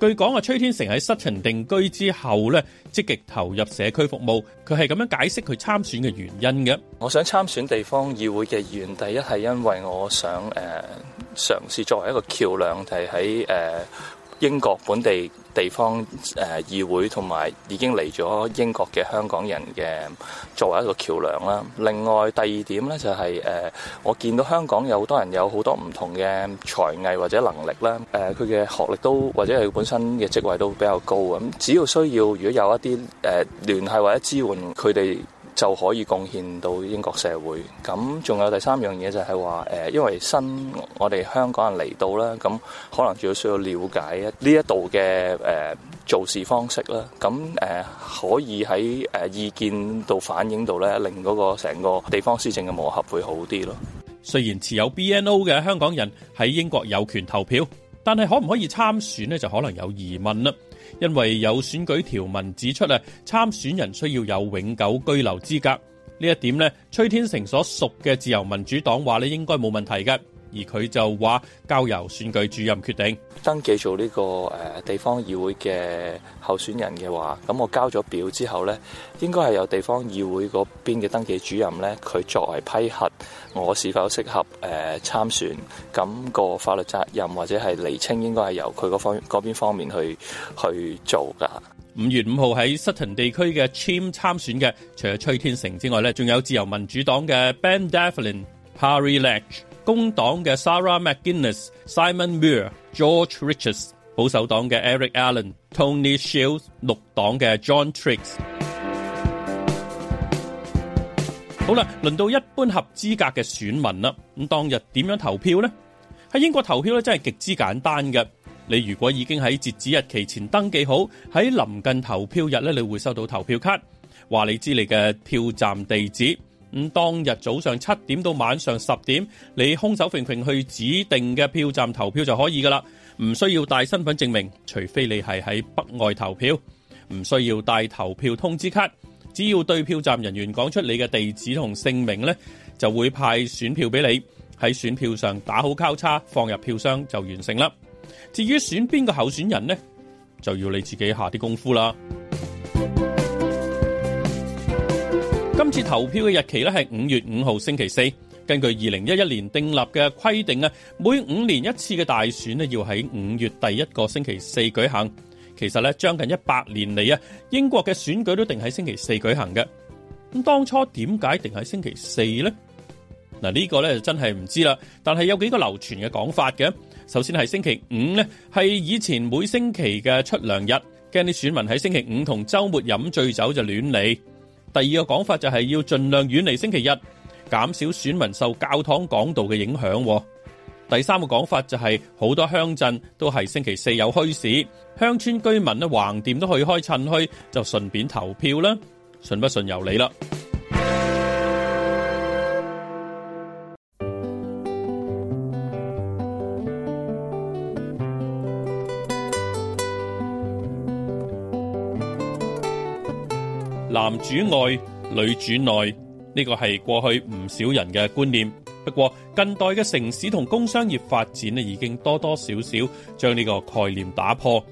據講啊，崔天成喺失情定居之後呢，積極投入社區服務。佢係咁樣解釋佢參選嘅原因嘅。我想參選地方議會嘅議員，第一係因為我想誒、呃、嘗試作為一個橋樑，就喺誒。英國本地地方誒議會同埋已經嚟咗英國嘅香港人嘅作為一個橋梁啦。另外第二點呢就係誒，我見到香港有好多人有好多唔同嘅才藝或者能力啦。誒，佢嘅學歷都或者係本身嘅職位都比較高啊。咁只要需要，如果有一啲誒聯繫或者支援佢哋，就可以貢獻到英國社會。咁仲有第三樣嘢就係話，誒，因為新我哋香港人嚟到咧，咁可能仲要需要了解呢一度嘅誒做事方式啦。咁誒可以喺誒意見度反映到呢，令嗰個成個地方施政嘅磨合會好啲咯。雖然持有 BNO 嘅香港人喺英國有權投票，但係可唔可以參選呢，就可能有疑問啦。因為有選舉條文指出咧，參選人需要有永久居留資格。呢一點咧，崔天成所屬嘅自由民主黨話咧，應該冇問題嘅。而佢就話交由選舉主任決定。登記做呢個誒地方議會嘅候選人嘅話，咁我交咗表之後咧，應該係由地方議會嗰邊嘅登記主任咧，佢作為批核我是否適合誒參選。咁個法律責任或者係釐清，應該係由佢嗰方嗰邊方面去去做㗎。五月五號喺 Sutton 地區嘅 Cheam 參選嘅，除咗崔天成之外咧，仲有自由民主黨嘅 Ben Devlin Parryledge。工黨嘅 Sarah McGuinness、Simon Muir、George Richards，保守黨嘅 Eric Allen Tony s、Tony Shields，綠黨嘅 John Trix。好啦，輪到一般合資格嘅選民啦。咁當日點樣投票呢？喺英國投票咧，真係極之簡單嘅。你如果已經喺截止日期前登記好，喺臨近投票日咧，你會收到投票卡，話你知你嘅票站地址。咁、嗯、當日早上七點到晚上十點，你空手平平去指定嘅票站投票就可以噶啦，唔需要帶身份證明，除非你係喺北外投票，唔需要帶投票通知卡，只要對票站人員講出你嘅地址同姓名呢，就會派選票俾你，喺選票上打好交叉，放入票箱就完成啦。至於選邊個候選人呢，就要你自己下啲功夫啦。今次投票嘅日期咧係五月五號星期四。根據二零一一年訂立嘅規定啊，每五年一次嘅大選咧要喺五月第一個星期四舉行。其實咧，將近一百年嚟啊，英國嘅選舉都定喺星期四舉行嘅。咁當初點解定喺星期四咧？嗱，呢個咧真係唔知啦。但係有幾個流傳嘅講法嘅。首先係星期五咧，係以前每星期嘅出糧日，驚啲選民喺星期五同周末飲醉酒就亂嚟。第二個講法就係要盡量遠離星期日，減少選民受教堂講道嘅影響。第三個講法就係好多鄉鎮都係星期四有墟市，鄉村居民咧橫掂都去開趁墟，就順便投票啦。信不信由你啦。主外女主內呢個係過去唔少人嘅觀念，不過近代嘅城市同工商業發展咧，已經多多少少將呢個概念打破，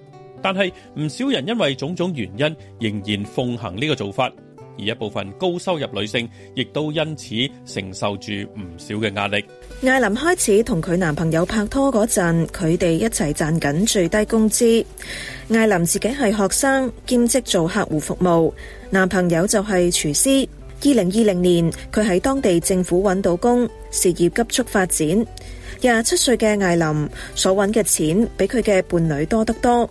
但係唔少人因為種種原因仍然奉行呢個做法。而一部分高收入女性，亦都因此承受住唔少嘅壓力。艾琳開始同佢男朋友拍拖嗰陣，佢哋一齊賺緊最低工資。艾琳自己係學生，兼職做客戶服務，男朋友就係廚師。二零二零年，佢喺當地政府揾到工，事業急速發展。廿七歲嘅艾琳所揾嘅錢，比佢嘅伴侶多得多。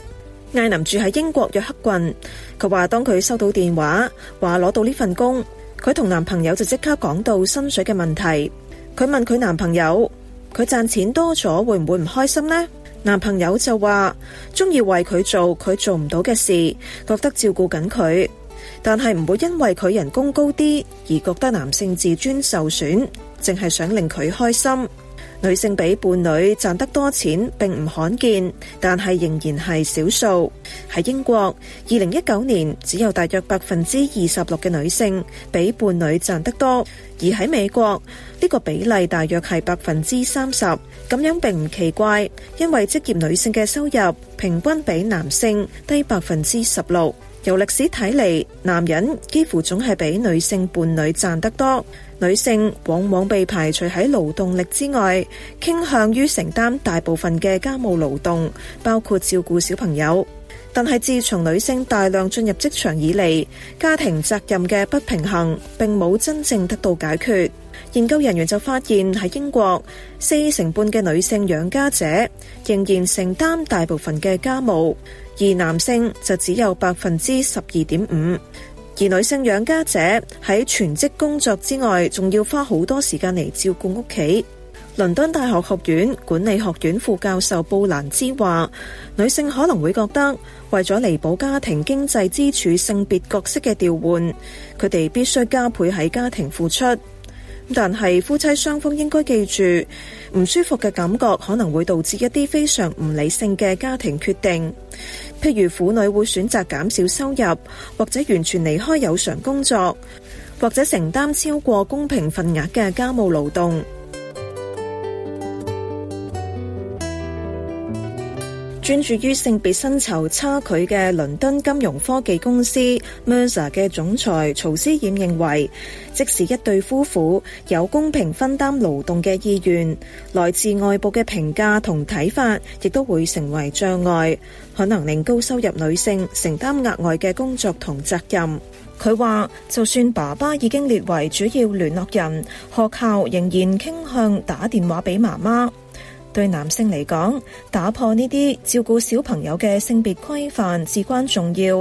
艾琳住喺英國約克郡，佢話當佢收到電話，話攞到呢份工，佢同男朋友就即刻講到薪水嘅問題。佢問佢男朋友，佢賺錢多咗會唔會唔開心呢？男朋友就話，中意為佢做佢做唔到嘅事，覺得照顧緊佢，但係唔會因為佢人工高啲而覺得男性自尊受損，淨係想令佢開心。女性比伴侶賺得多錢並唔罕見，但係仍然係少數。喺英國，二零一九年只有大約百分之二十六嘅女性比伴侶賺得多，而喺美國呢個比例大約係百分之三十。咁樣並唔奇怪，因為職業女性嘅收入平均比男性低百分之十六。由而男性就只有百分之十二點五，而女性養家者喺全職工作之外，仲要花好多時間嚟照顧屋企。倫敦大學學院管理學院副教授布蘭茲話，女性可能會覺得為咗彌補家庭經濟支柱性別角色嘅調換，佢哋必須加倍喺家庭付出。但係夫妻雙方應該記住，唔舒服嘅感覺可能會導致一啲非常唔理性嘅家庭決定，譬如婦女會選擇減少收入，或者完全離開有償工作，或者承擔超過公平份額嘅家務勞動。專注於性別薪酬差距嘅倫敦金融科技公司 Mercer 嘅總裁曹思燕認為，即使一對夫婦有公平分擔勞動嘅意願，來自外部嘅評價同睇法，亦都會成為障礙，可能令高收入女性承擔額外嘅工作同責任。佢話：就算爸爸已經列為主要聯絡人，學校仍然傾向打電話俾媽媽。對男性嚟講，打破呢啲照顧小朋友嘅性別規範至關重要。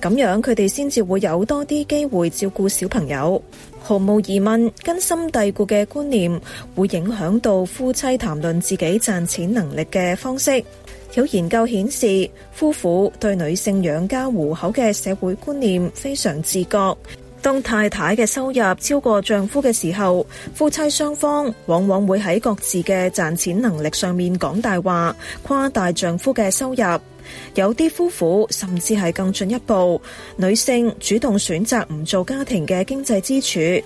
咁樣佢哋先至會有多啲機會照顧小朋友。毫無疑問，根深蒂固嘅觀念會影響到夫妻談論自己賺錢能力嘅方式。有研究顯示，夫婦對女性養家糊口嘅社會觀念非常自覺。當太太嘅收入超過丈夫嘅時候，夫妻雙方往往會喺各自嘅賺錢能力上面講大話，誇大丈夫嘅收入。有啲夫婦甚至係更進一步，女性主動選擇唔做家庭嘅經濟支柱。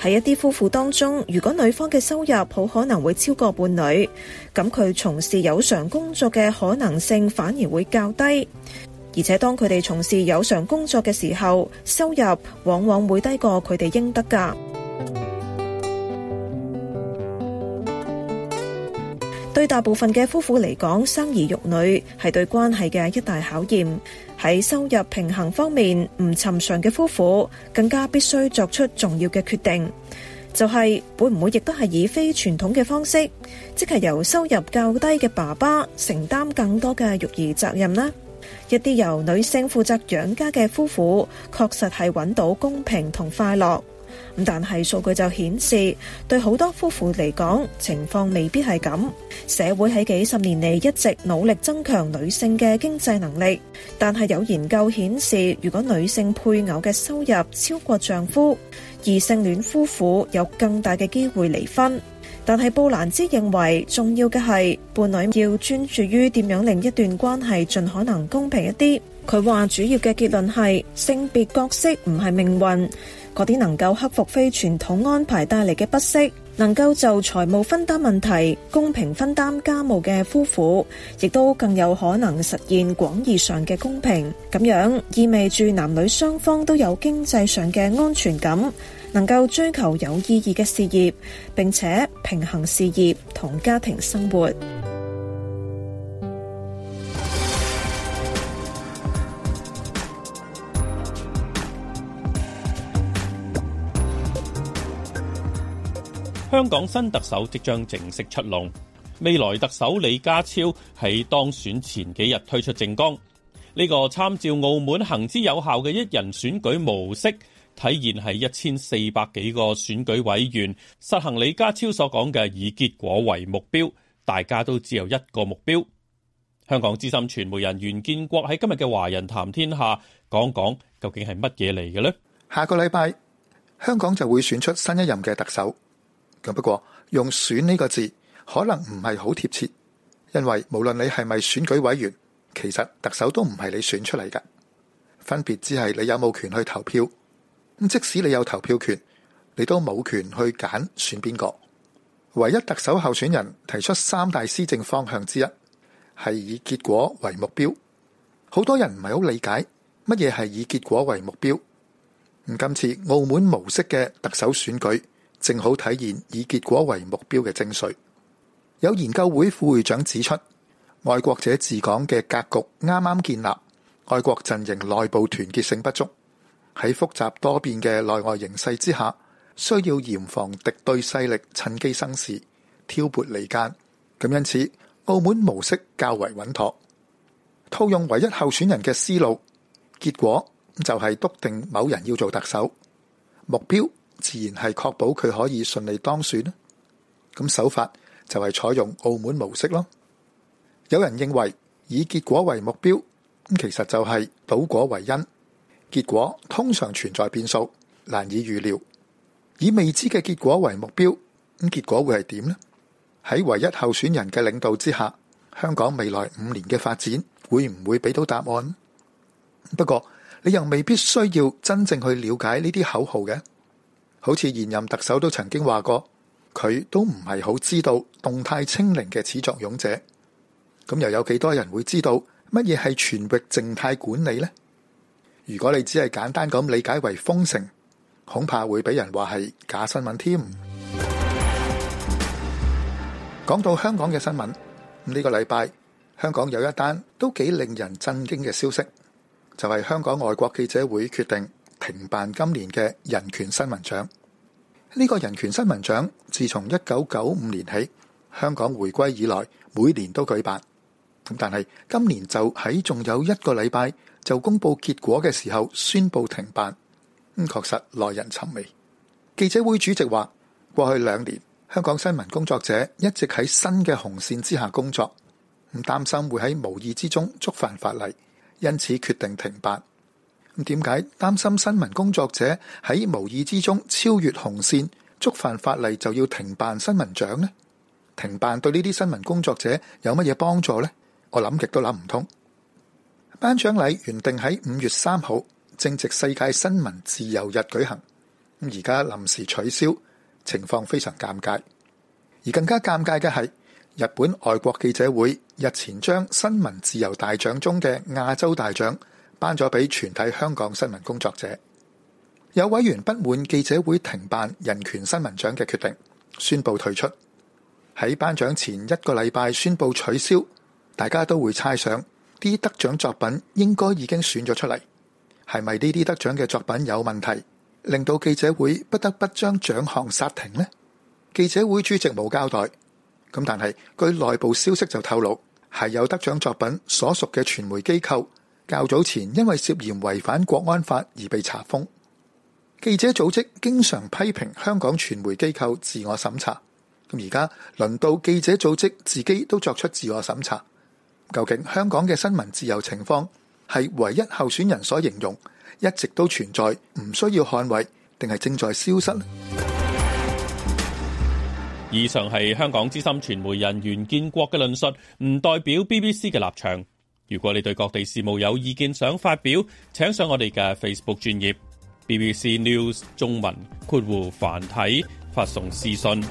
喺一啲夫婦當中，如果女方嘅收入好可能會超過伴侶，咁佢從事有償工作嘅可能性反而會較低。而且，當佢哋從事有償工作嘅時候，收入往往會低過佢哋應得噶。 對大部分嘅夫婦嚟講，生兒育女係對關係嘅一大考驗。喺收入平衡方面，唔尋常嘅夫婦更加必須作出重要嘅決定，就係會唔會亦都係以非傳統嘅方式，即係由收入較低嘅爸爸承擔更多嘅育兒責任呢？一啲由女性負責養家嘅夫婦，確實係搵到公平同快樂，但係數據就顯示，對好多夫婦嚟講，情況未必係咁。社會喺幾十年嚟一直努力增強女性嘅經濟能力，但係有研究顯示，如果女性配偶嘅收入超過丈夫，異性戀夫婦有更大嘅機會離婚。但係布蘭茲認為重要嘅係伴侶要專注於點樣令一段關係盡可能公平一啲。佢話主要嘅結論係性別角色唔係命運。嗰啲能夠克服非傳統安排帶嚟嘅不適，能夠就財務分擔問題公平分擔家務嘅夫婦，亦都更有可能實現廣義上嘅公平。咁樣意味住男女雙方都有經濟上嘅安全感。能夠追求有意義嘅事業，並且平衡事業同家庭生活。香港新特首即將正式出籠，未來特首李家超喺當選前幾日推出政綱，呢個參照澳門行之有效嘅一人選舉模式。體現係一千四百幾個選舉委員實行李家超所講嘅以結果為目標，大家都只有一個目標。香港資深傳媒人袁建國喺今日嘅《華人談天下》講講究竟係乜嘢嚟嘅呢？下個禮拜香港就會選出新一任嘅特首，咁不過用選呢個字可能唔係好貼切，因為無論你係咪選舉委員，其實特首都唔係你選出嚟嘅，分別只係你有冇權去投票。即使你有投票權，你都冇權去揀選邊個。唯一特首候選人提出三大施政方向之一，係以結果為目標。好多人唔係好理解乜嘢係以結果為目標。今次澳門模式嘅特首選舉，正好體現以結果為目標嘅精髓。有研究會副會長指出，愛國者治港嘅格局啱啱建立，愛國陣營內部團結性不足。喺複雜多變嘅內外形勢之下，需要嚴防敵對勢力趁機生事，挑撥離間。咁因此，澳門模式較為穩妥。套用唯一候選人嘅思路，結果就係篤定某人要做特首，目標自然係確保佢可以順利當選。咁手法就係採用澳門模式咯。有人認為以結果為目標，咁其實就係倒果為因。結果通常存在變數，難以預料。以未知嘅結果為目標，咁結果會係點呢？喺唯一候選人嘅領導之下，香港未來五年嘅發展會唔會俾到答案？不過你又未必需要真正去了解呢啲口號嘅。好似現任特首都曾經話過，佢都唔係好知道動態清零嘅始作俑者。咁又有幾多人會知道乜嘢係全域靜態管理呢？如果你只係簡單咁理解為封城，恐怕會俾人話係假新聞添。講到香港嘅新聞，呢、這個禮拜香港有一單都幾令人震驚嘅消息，就係、是、香港外國記者會決定停辦今年嘅人權新聞獎。呢、這個人權新聞獎，自從一九九五年起香港回歸以來，每年都舉辦，咁但係今年就喺仲有一個禮拜。就公布結果嘅時候宣布停辦，咁、嗯、確實耐人尋味。記者會主席話：過去兩年，香港新聞工作者一直喺新嘅紅線之下工作，唔擔心會喺無意之中觸犯法例，因此決定停辦。咁點解擔心新聞工作者喺無意之中超越紅線觸犯法例就要停辦新聞獎呢？停辦對呢啲新聞工作者有乜嘢幫助呢？我諗極都諗唔通。頒獎禮原定喺五月三號，正值世界新聞自由日舉行。而家臨時取消，情況非常尷尬。而更加尷尬嘅係，日本外國記者會日前將新聞自由大獎中嘅亞洲大獎頒咗俾全體香港新聞工作者。有委員不滿記者會停辦人權新聞獎嘅決定，宣布退出。喺頒獎前一個禮拜宣布取消，大家都會猜想。啲得獎作品應該已經選咗出嚟，係咪呢啲得獎嘅作品有問題，令到記者會不得不將獎項殺停呢？記者會主席冇交代，咁但係據內部消息就透露，係有得獎作品所屬嘅傳媒機構較早前因為涉嫌違反國安法而被查封。記者組織經常批評香港傳媒機構自我審查，咁而家輪到記者組織自己都作出自我審查。究竟香港嘅新聞自由情況係唯一候選人所形容一直都存在，唔需要捍衛，定係正在消失？以上係香港資深傳媒人袁建國嘅論述，唔代表 BBC 嘅立場。如果你對各地事務有意見想發表，請上我哋嘅 Facebook 專頁 BBC News 中文括弧繁體發送私信。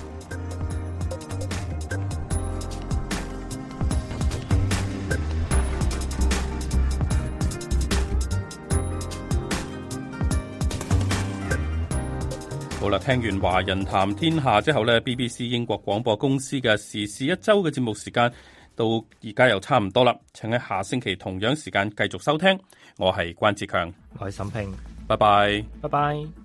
啊！聽完華人談天下之後呢 BBC 英國廣播公司嘅時事一周嘅節目時間到而家又差唔多啦。請喺下星期同樣時間繼續收聽。我係關志強，我係沈平，拜拜 bye，拜拜。